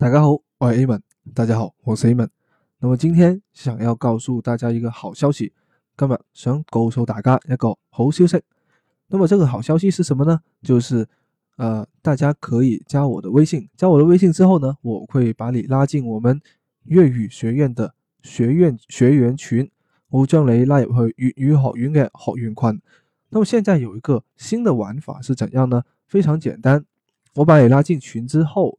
大家好，我係 Aman。大家好，我係 Aman。那麼今天想要告訴大家一個好消息，今日想告訴大家一個好消息。那麼這個好消息是什麼呢？就是，呃，大家可以加我的微信。加我的微信之後呢，我會把你拉進我們粵語學院的學院學員群，我將你拉入去粵語學院嘅學員群。那麼現在有一個新的玩法是怎樣呢？非常簡單，我把你拉進群之後。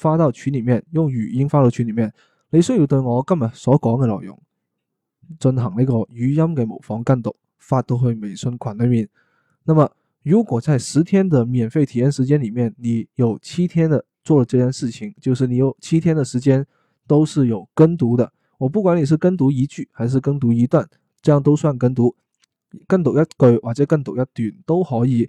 發到群裏面，用語音發到群裏面。你需要對我今日所講嘅內容進行呢個語音嘅模仿跟讀，發到去微信群裏面。那麼如果在十天的免費體驗時間裏面，你有七天的做了這件事情，就是你有七天的時間都是有跟讀的。我不管你是跟讀一句還是跟讀一段，這樣都算跟讀。跟讀一句或者跟讀一段都可以。